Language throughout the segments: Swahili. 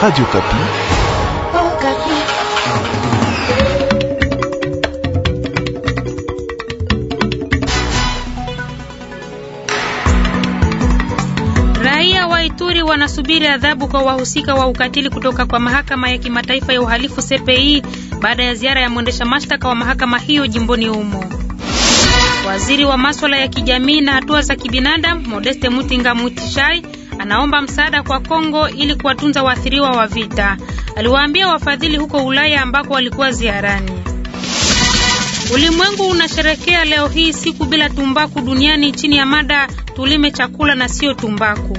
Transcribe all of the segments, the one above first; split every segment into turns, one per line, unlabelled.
Radio Okapi. Oh,
Raia wa Ituri wanasubiri adhabu kwa wahusika wa ukatili kutoka kwa mahakama ya kimataifa ya uhalifu CPI baada ya ziara ya mwendesha mashtaka wa mahakama hiyo jimboni humo. Waziri wa masuala ya kijamii na hatua za kibinadamu Modeste Mutinga Mutishai anaomba msaada kwa Kongo ili kuwatunza waathiriwa wa vita. Aliwaambia wafadhili huko Ulaya ambako walikuwa ziarani. Ulimwengu unasherekea leo hii siku bila tumbaku duniani chini ya mada tulime chakula na sio tumbaku.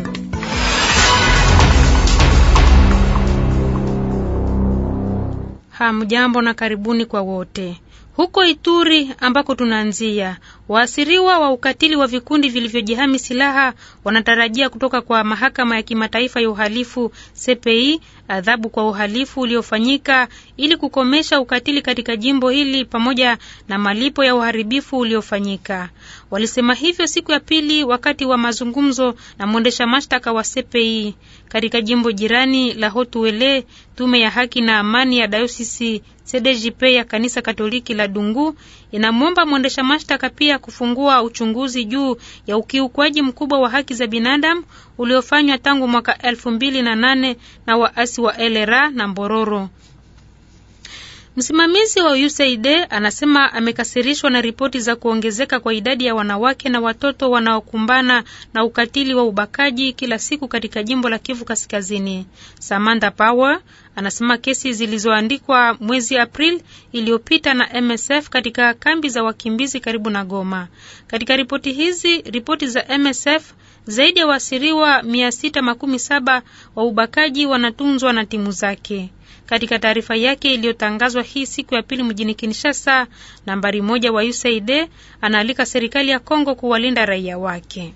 Hamjambo na karibuni kwa wote. Huko Ituri ambako tunaanzia, waasiriwa wa ukatili wa vikundi vilivyojihami silaha wanatarajia kutoka kwa mahakama ya kimataifa ya uhalifu CPI adhabu kwa uhalifu uliofanyika ili kukomesha ukatili katika jimbo hili pamoja na malipo ya uharibifu uliofanyika. Walisema hivyo siku ya pili wakati wa mazungumzo na mwendesha mashtaka wa CPI katika jimbo jirani la Hotuele. Tume ya haki na amani ya dayosisi CDJP ya kanisa Katoliki la Dungu inamwomba mwendesha mashtaka pia kufungua uchunguzi juu ya ukiukwaji mkubwa wa haki za binadamu uliofanywa tangu mwaka elfu mbili na nane na waasi wa LRA na Mbororo. Msimamizi wa USAID anasema amekasirishwa na ripoti za kuongezeka kwa idadi ya wanawake na watoto wanaokumbana na ukatili wa ubakaji kila siku katika jimbo la Kivu Kaskazini. Samantha Power anasema kesi zilizoandikwa mwezi april iliyopita na MSF katika kambi za wakimbizi karibu na Goma. Katika ripoti hizi, ripoti za MSF zaidi ya waasiriwa 67 wa ubakaji wanatunzwa na timu zake. Katika taarifa yake iliyotangazwa hii siku ya pili mjini Kinshasa, nambari moja wa USAID anaalika serikali ya Kongo kuwalinda raia wake.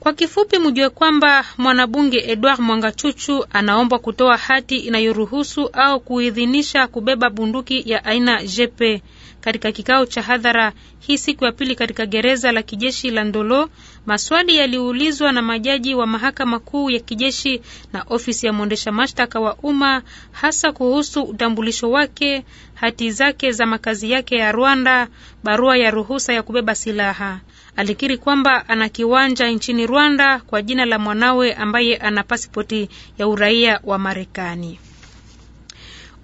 Kwa kifupi, mjue kwamba mwanabunge Edward Mwangachuchu anaombwa kutoa hati inayoruhusu au kuidhinisha kubeba bunduki ya aina GP. Katika kikao cha hadhara hii siku ya pili katika gereza la kijeshi la Ndolo, maswali yaliulizwa na majaji wa mahakama kuu ya kijeshi na ofisi ya mwendesha mashtaka wa umma, hasa kuhusu utambulisho wake, hati zake za makazi yake ya Rwanda, barua ya ruhusa ya kubeba silaha. Alikiri kwamba ana kiwanja nchini Rwanda kwa jina la mwanawe ambaye ana pasipoti ya uraia wa Marekani.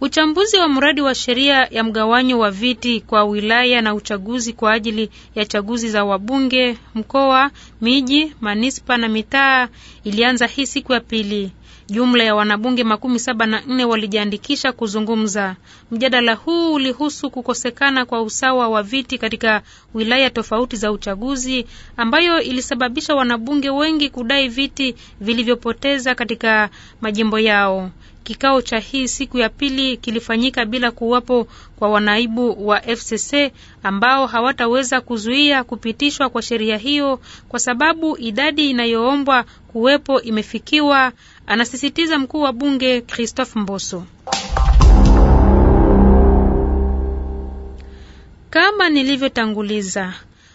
Uchambuzi wa mradi wa sheria ya mgawanyo wa viti kwa wilaya na uchaguzi kwa ajili ya chaguzi za wabunge, mkoa, miji, manispa na mitaa ilianza hii siku ya pili. Jumla ya wanabunge makumi saba na nne walijiandikisha kuzungumza. Mjadala huu ulihusu kukosekana kwa usawa wa viti katika wilaya tofauti za uchaguzi, ambayo ilisababisha wanabunge wengi kudai viti vilivyopoteza katika majimbo yao. Kikao cha hii siku ya pili kilifanyika bila kuwapo kwa wanaibu wa FCC ambao hawataweza kuzuia kupitishwa kwa sheria hiyo kwa sababu idadi inayoombwa kuwepo imefikiwa, anasisitiza mkuu wa bunge Christophe Mboso. Kama nilivyotanguliza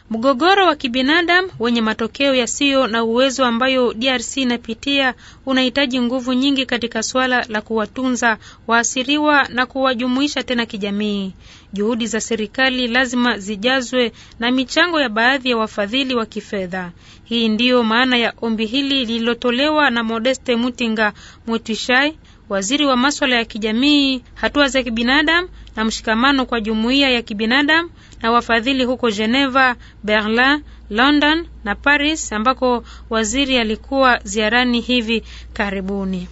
Mgogoro wa kibinadamu wenye matokeo yasiyo na uwezo ambayo DRC inapitia unahitaji nguvu nyingi katika suala la kuwatunza waasiriwa na kuwajumuisha tena kijamii. Juhudi za serikali lazima zijazwe na michango ya baadhi ya wafadhili wa kifedha. Hii ndiyo maana ya ombi hili lililotolewa na Modeste Mutinga Mwetishai waziri wa maswala ya kijamii, hatua za kibinadamu na mshikamano kwa jumuiya ya kibinadamu na wafadhili huko Geneva, Berlin, London na Paris ambako waziri alikuwa ziarani hivi karibuni.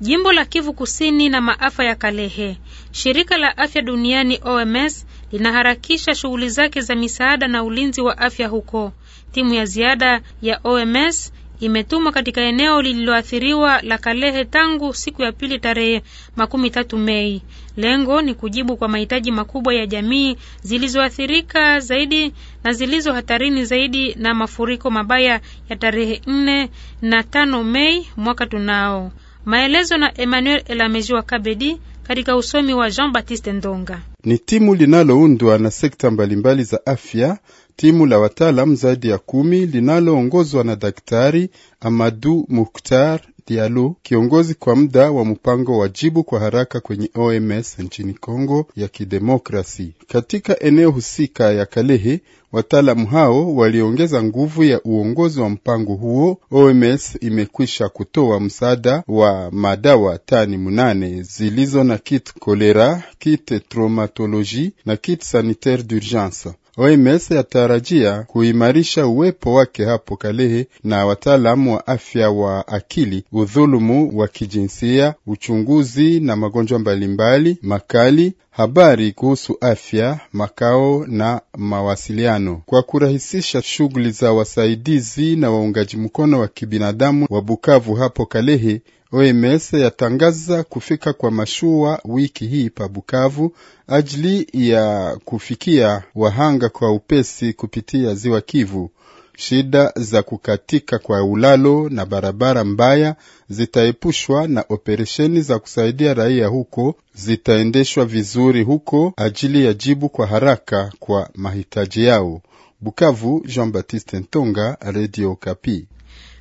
Jimbo la Kivu Kusini na maafa ya Kalehe. Shirika la Afya Duniani OMS linaharakisha shughuli zake za misaada na ulinzi wa afya huko. Timu ya ziada ya OMS imetumwa katika eneo lililoathiriwa la Kalehe tangu siku ya pili tarehe makumi tatu Mei. Lengo ni kujibu kwa mahitaji makubwa ya jamii zilizoathirika zaidi na zilizo hatarini zaidi na mafuriko mabaya ya tarehe nne na tano Mei mwaka tunao. Maelezo na Emmanuel Elamejiwa Kabedi katika usomi wa Jean Baptiste Ndonga.
Ni timu linaloundwa na sekta mbalimbali za afya timu la wataalam zaidi ya kumi linaloongozwa na Daktari Amadu Muktar Dialu, kiongozi kwa muda wa mpango wa jibu kwa haraka kwenye OMS nchini Kongo ya Kidemokrasi. Katika eneo husika ya Kalehe, wataalamu hao waliongeza nguvu ya uongozi wa mpango huo. OMS imekwisha kutoa msaada wa madawa tani munane zilizo na kit kolera, kit traumatologie na kit sanitaire d'urgence. OMS yatarajia kuimarisha uwepo wake hapo Kalehe na wataalamu wa afya wa akili, udhulumu wa kijinsia, uchunguzi na magonjwa mbalimbali makali, habari kuhusu afya, makao na mawasiliano, kwa kurahisisha shughuli za wasaidizi na waungaji mkono wa kibinadamu wa Bukavu hapo Kalehe. OMS yatangaza kufika kwa mashua wiki hii pa Bukavu ajili ya kufikia wahanga kwa upesi kupitia ziwa Kivu. Shida za kukatika kwa ulalo na barabara mbaya zitaepushwa na operesheni za kusaidia raia huko zitaendeshwa vizuri huko ajili ya jibu kwa haraka kwa mahitaji yao. Bukavu, Jean Baptiste Ntonga, Radio Kapi.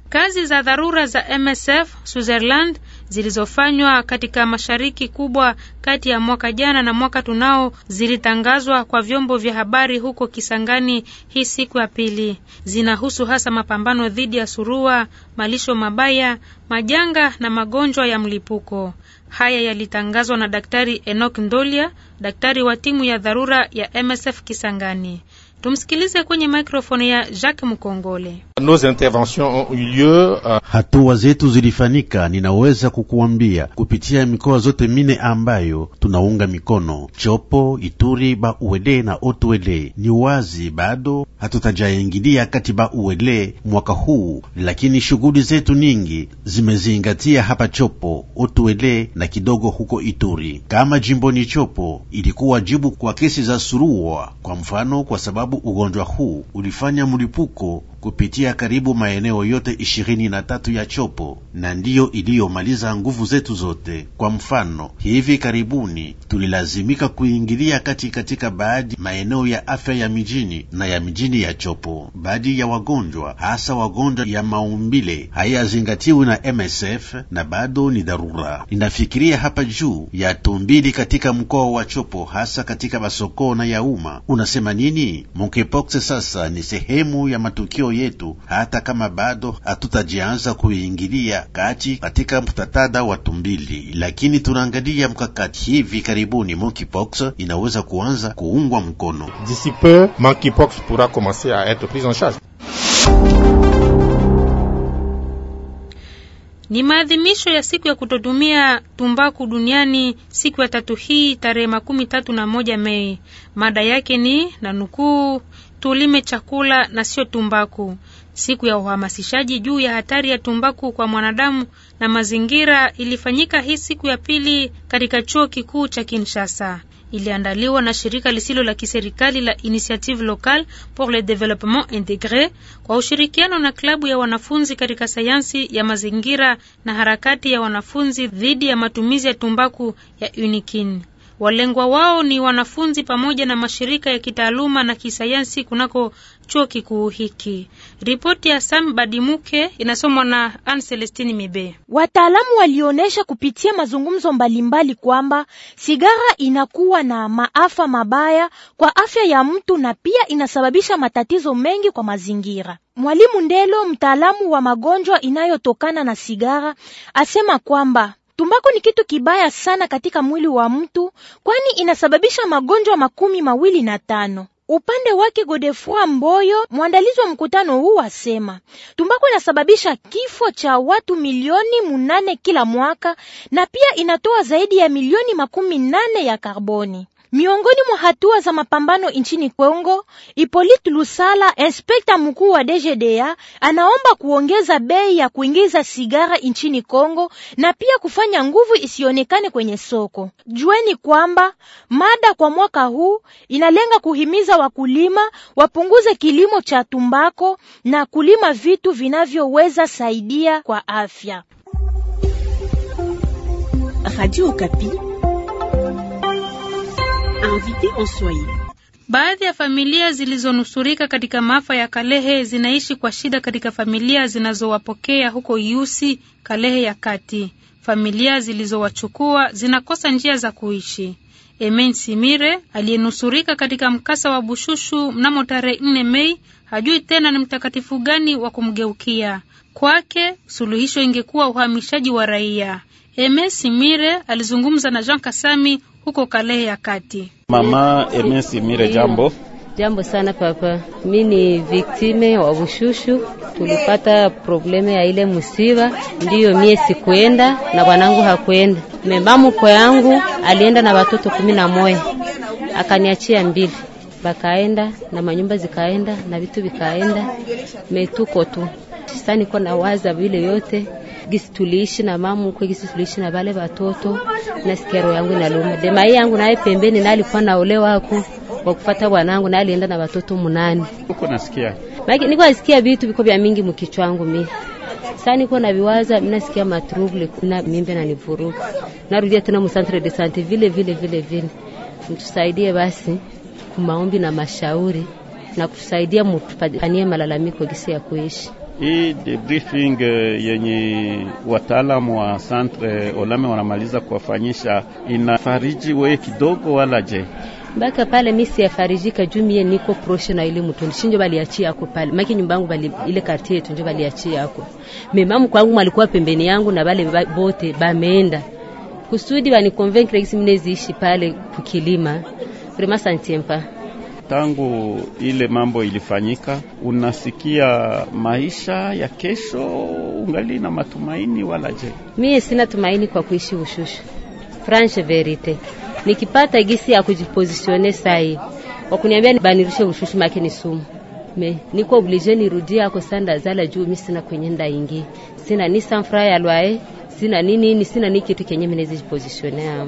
Kazi za dharura za MSF Switzerland zilizofanywa katika mashariki kubwa kati ya mwaka jana na mwaka tunao zilitangazwa kwa vyombo vya habari huko Kisangani hii siku ya pili. Zinahusu hasa mapambano dhidi ya surua, malisho mabaya, majanga na magonjwa ya mlipuko. Haya yalitangazwa na Daktari Enoch Ndolia, daktari wa timu ya dharura ya MSF Kisangani. Tumsikilize kwenye mikrofoni ya Jacques Mkongole.
Nos interventions ont eu lieu. Euh, Hatua zetu zilifanyika, ninaweza kukuambia kupitia mikoa zote mine ambayo tunaunga mikono Chopo, Ituri, ba Uele na Otuele. Ni wazi bado hatutajaingilia kati ba Uele mwaka huu, lakini shughuli zetu nyingi zimezingatia hapa Chopo, Otuele na kidogo huko Ituri. Kama jimbo ni Chopo ilikuwa jibu kwa kesi za surua, kwa mfano, kwa sababu sababu ugonjwa huu ulifanya mlipuko kupitia karibu maeneo yote ishirini na tatu ya chopo na ndiyo iliyomaliza nguvu zetu zote. Kwa mfano, hivi karibuni tulilazimika kuingilia kati katika baadhi maeneo ya afya ya mijini na ya mijini ya chopo. Baadhi ya wagonjwa, hasa wagonjwa ya maumbile, hayazingatiwi na MSF na bado ni dharura. Ninafikiria hapa juu ya tumbili katika mkoa wa Chopo, hasa katika masoko na ya umma. Unasema nini? Monkeypox sasa ni sehemu ya matukio yetu, hata kama bado hatutajianza kuingilia kati katika mtatada wa tumbili, lakini tunaangalia mkakati. Hivi karibuni monkeypox inaweza kuanza kuungwa mkono. D'ici peu monkeypox pourra commencer
à être prise en charge.
Ni maadhimisho ya siku ya kutotumia tumbaku duniani siku ya tatu hii tarehe makumi tatu na moja Mei. Mada yake ni na nukuu, tulime chakula na sio tumbaku. Siku ya uhamasishaji juu ya hatari ya tumbaku kwa mwanadamu na mazingira ilifanyika hii siku ya pili katika chuo kikuu cha Kinshasa iliandaliwa na shirika lisilo la kiserikali la Initiative Locale pour le Developpement Integre kwa ushirikiano na klabu ya wanafunzi katika sayansi ya mazingira na harakati ya wanafunzi dhidi ya matumizi ya tumbaku ya Unikin. Walengwa wao ni wanafunzi pamoja na mashirika ya kitaaluma na kisayansi kunako chuo kikuu hiki. Ripoti ya Sam Badimuke inasomwa na Anne Celestine Mibe.
Wataalamu walionyesha kupitia mazungumzo mbalimbali kwamba sigara inakuwa na maafa mabaya kwa afya ya mtu na pia inasababisha matatizo mengi kwa mazingira. Mwalimu Ndelo, mtaalamu wa magonjwa inayotokana na sigara, asema kwamba Tumbako ni kitu kibaya sana katika mwili wa mtu, kwani inasababisha magonjwa makumi mawili na tano. Upande wake Godefroid Mboyo, mwandalizi wa mkutano huu, asema tumbako inasababisha kifo cha watu milioni munane kila mwaka na pia inatoa zaidi ya milioni makumi nane ya karboni. Miongoni mwa hatua za mapambano nchini Kongo, Ipolit Lusala, inspekta mkuu wa DGDA, anaomba kuongeza bei ya kuingiza sigara nchini Kongo na pia kufanya nguvu isionekane kwenye soko. Jueni kwamba mada kwa mwaka huu inalenga kuhimiza wakulima wapunguze kilimo cha tumbako na kulima vitu vinavyoweza saidia kwa afya. Radio Kapi.
Baadhi ya familia zilizonusurika katika maafa ya Kalehe zinaishi kwa shida katika familia zinazowapokea huko Yusi, Kalehe ya kati. Familia zilizowachukua zinakosa njia za kuishi. Emen Simire aliyenusurika katika mkasa wa Bushushu mnamo tarehe 4 Mei hajui tena ni mtakatifu gani wa kumgeukia. Kwake suluhisho ingekuwa uhamishaji wa raia. Eme Simire alizungumza na Jean Kasami huko Kalehe ya Kati.
Mama Eme Simire, jambo.
Jambo sana papa, mi ni viktime wa bushushu. Tulipata probleme ya ile musiba, ndiyo mie sikuenda na bwanangu hakuenda. kwa yangu alienda na watoto kumi na moja akaniachia mbili, bakaenda na manyumba zikaenda na vitu vikaenda, metuko tu sasa niko nawaza vile yote gisitulishi na mamu kwe gisitulishi na bale batoto, na sikero yangu inaluma. hii yangu naye pembeni, nalikuwa naolewa hapo kwa wanangu bwanangu, naye alienda na batoto munani Uko nasikia maiki nikuwa nasikia vitu biko vya mingi mkichu wangu mi sasa niko na viwaza, mnasikia matrouble kuna mimbe na nivuruka, narudia tena mu de sante vile vile vile vile. Mtusaidie basi kumaombi na mashauri na kutusaidia, mutufanyie malalamiko gisi ya kuishi.
Hii debriefing eh, yenye wataalamu wa Centre Olame wanamaliza kuwafanyisha inafariji weye kidogo, wala je?
Mpaka pale mimi ya juu jumie niko proshe na ile mtu nishinjo bali achia yako pale. Maki nyumba yangu bali ile quartier yetu njo bali achia yako. Memamu kwangu alikuwa pembeni yangu na bale bote bameenda. Kusudi bani convaincre hizi mimi pale kukilima. Vraiment santiempa
tangu ile mambo ilifanyika, unasikia maisha ya kesho ungali na matumaini wala je?
Mie sina tumaini kwa kuishi ushushu, franche verite. Nikipata gisi ya kujipozisione sai, kuniambia banirushe ushushu make ni sumu me niko oblige nirudia ako sanda zala juu mi sina kwenye nda ingi sina ni sanfra ya lwae sina nini sina ni kitu kenye minezi jipositionea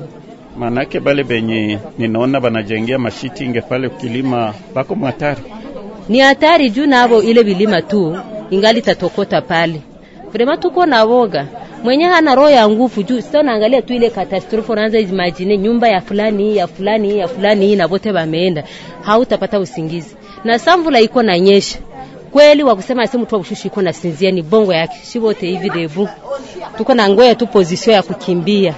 manake bale benye ninaona banajengea mashitinge pale kilima bako mwatari,
ni hatari juu navo ile bilima tu ingali tatokota pale vrema, tuko na woga mwenye hana roho ya nguvu juu sio, naangalia tu ile katastrofe, unaanza imagine nyumba ya fulani ya fulani ya fulani na wote wameenda, hautapata usingizi na samvula iko na nyesha kweli wa kusema simu tu ushushi iko na sinzia ni bongo yake, si wote hivi debu tuko na ngoya tu position ya kukimbia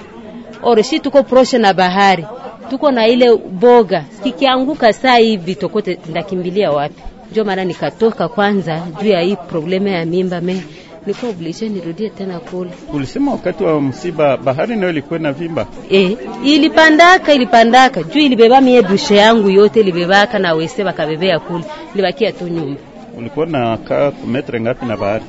si tuko proshe na bahari, tuko na ile boga, kikianguka saa hivi tokote ndakimbilia wapi? Ndio maana nikatoka kwanza juu ya hii probleme ya mimba me niko oblige nirudie tena kule.
Ulisema wakati wa msiba bahari nayo ilikuwa na vimba
e, ilipandaka ilipandaka juu ilibeba mie bushe yangu yote ilibebaka na wese bakabebea kule, libakia tu nyumba.
Ulikuwa na kaa metre ngapi na bahari?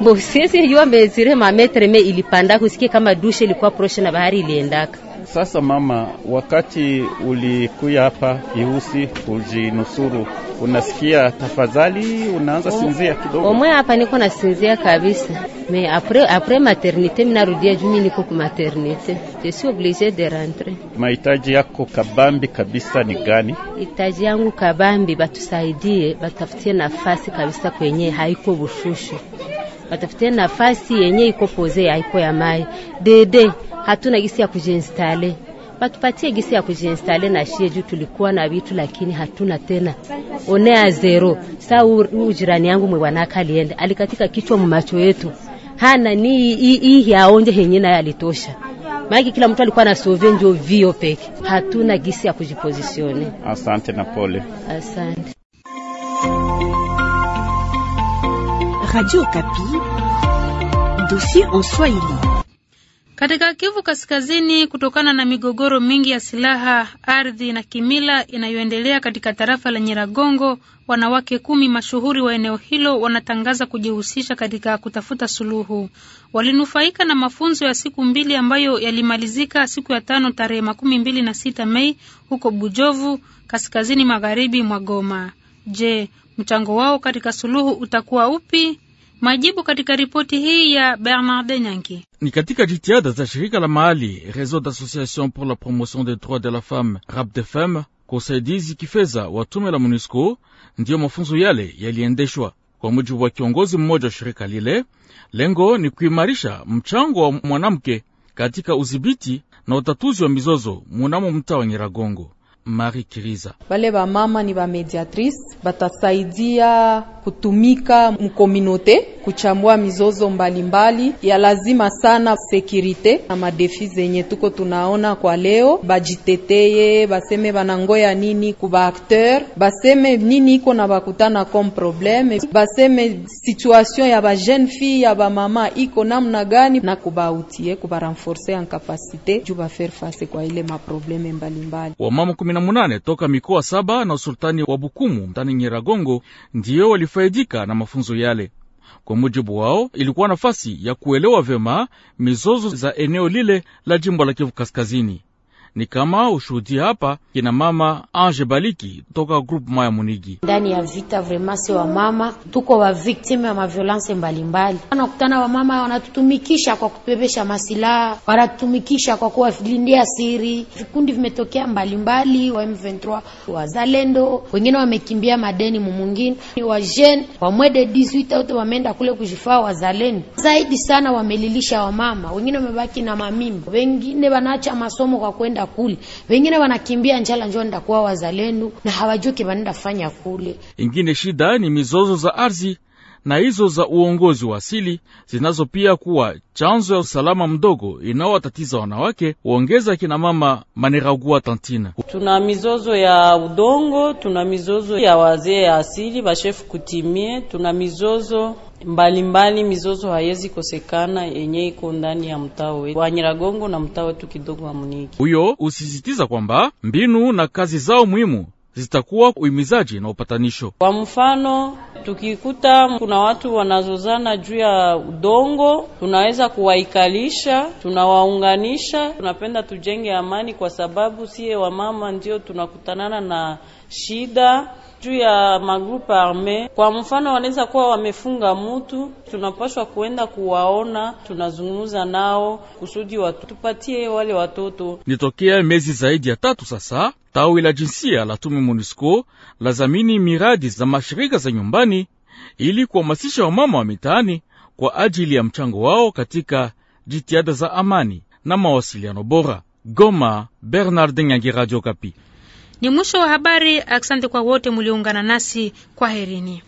Bo sisi jua mezire mametre me ilipanda kusikia kama dushe ilikuwa proshe na bahari iliendaka.
Sasa mama, wakati ulikuya hapa Ihusi kujinusuru, unasikia tafadhali, unaanza sinzia kidogo. Omwe
hapa niko nasinzia kabisa, me apre apre maternite minarudia jumi, niko ku maternite, je suis obligé de rentrer.
Mahitaji yako kabambi kabisa ni gani?
Hitaji yangu kabambi, batusaidie, batafutie nafasi kabisa kwenye haiko bushushu watafutie nafasi yenye iko poze haiko ya mai dede, hatuna gisi ya kujiinstale batupatie gisi ya kujiinstale na shie juu tulikuwa na vitu lakini hatuna tena, onea zero. Saa huu jirani yangu mwewanaka alienda alikatika kichwa mumacho yetu, hana ni hii yaonje henye naye alitosha maiki kila mtu alikuwa na sove njo vio peke, hatuna gisi ya kujipozisione.
Asante na pole,
asante. Radio Kapi, dossier en
Swahili. Katika Kivu Kaskazini, kutokana na migogoro mingi ya silaha, ardhi na kimila inayoendelea katika tarafa la Nyiragongo, wanawake kumi mashuhuri wa eneo hilo wanatangaza kujihusisha katika kutafuta suluhu. Walinufaika na mafunzo ya siku mbili ambayo yalimalizika siku ya tano tarehe makumi mbili na sita Mei huko Bujovu, kaskazini magharibi mwa Goma. Je, mchango wao katika suluhu utakuwa upi? Majibu katika ripoti hii ya Bernard Nyangi.
Ni katika jitihada za shirika la mahali Réseau d'Association pour la Promotion des Droits de la Femme Femme, kwa usaidizi kifedha wa tume la MONUSCO, ndiyo mafunzo yale yaliendeshwa. Kwa mujibu wa kiongozi mmoja wa shirika lile, lengo ni kuimarisha mchango wa mwanamke katika udhibiti na utatuzi wa mizozo munamo mtaa wa Nyiragongo. Marie Kiriza.
Bale ba mama ni ba mediatrice batasaidia kutumika mukominote kuchambua mizozo mbalimbali mbali, ya lazima sana sekirite na madefi zenye tuko tunaona kwa leo, bajiteteye baseme banangoya nini kuba acteur, baseme nini iko na bakutana comme probleme, baseme situation ya ba jeune fille ya ba mama iko namna gani, na kubautie kubarenforcer en capacité juu bafaire face kwa ile maprobleme mbalimbali
mbali munane toka mikoa saba na usultani wa Bukumu mtani Nyiragongo ndiyo walifaidika na mafunzo yale. Kwa mujibu wao, ilikuwa nafasi ya kuelewa vyema mizozo za eneo lile la jimbo la Kivu Kaskazini ni kama ushuhudi hapa kina mama Ange Baliki toka grupu Maya Munigi.
Ndani ya vita vremase wa mama tuko wa victime ya maviolence mbalimbali, wanakutana wamama wanatutumikisha kwa kutubebesha masilaha, wanatutumikisha kwa kuwalindia siri. Vikundi vimetokea mbalimbali wa M23, wazalendo wengine wamekimbia madeni, mumungini, ni wajene wamwede 18 wote wameenda kule kujifaa. Wazalendo zaidi sana wamelilisha wamama, wengine wamebaki na mamimba, wengine wanaacha masomo kwa kwenda wanaenda kule, wengine wanakimbia njala, njo ndakuwa wazalendo na hawajuki wanenda fanya kule.
Ingine shida ni mizozo za ardhi na hizo za uongozi wa asili zinazopia kuwa chanzo ya usalama mdogo inaowatatiza wanawake, huongeza kina mama Maneragua Tantina.
Tuna mizozo ya udongo, tuna mizozo ya wazee ya asili bashefu kutimie, tuna mizozo mbalimbali mbali, mizozo haiwezi kosekana yenye iko ndani ya mtao wetu wa Nyiragongo na mtao wetu kidogo wa Muniki.
Huyo husisitiza kwamba mbinu na kazi zao muhimu zitakuwa uhimizaji na upatanisho.
Kwa mfano, tukikuta kuna watu wanazozana juu ya udongo, tunaweza kuwaikalisha, tunawaunganisha. Tunapenda tujenge amani, kwa sababu siye wamama ndio tunakutanana na shida juu ya magrupe arme. Kwa mfano, wanaweza kuwa wamefunga mutu, tunapashwa kuenda kuwaona, tunazungumza nao kusudi watupatie wale watoto.
Nitokea miezi zaidi ya tatu sasa Tawi la jinsia la tume MONUSCO lazamini miradi za mashirika za nyumbani ili kuhamasisha wamama wa mitaani kwa ajili ya mchango wao katika jitihada za amani na mawasiliano bora. Goma, Bernard Nyangi, Radio Kapi.
Ni mwisho wa habari. Asante kwa wote mlioungana nasi, kwa herini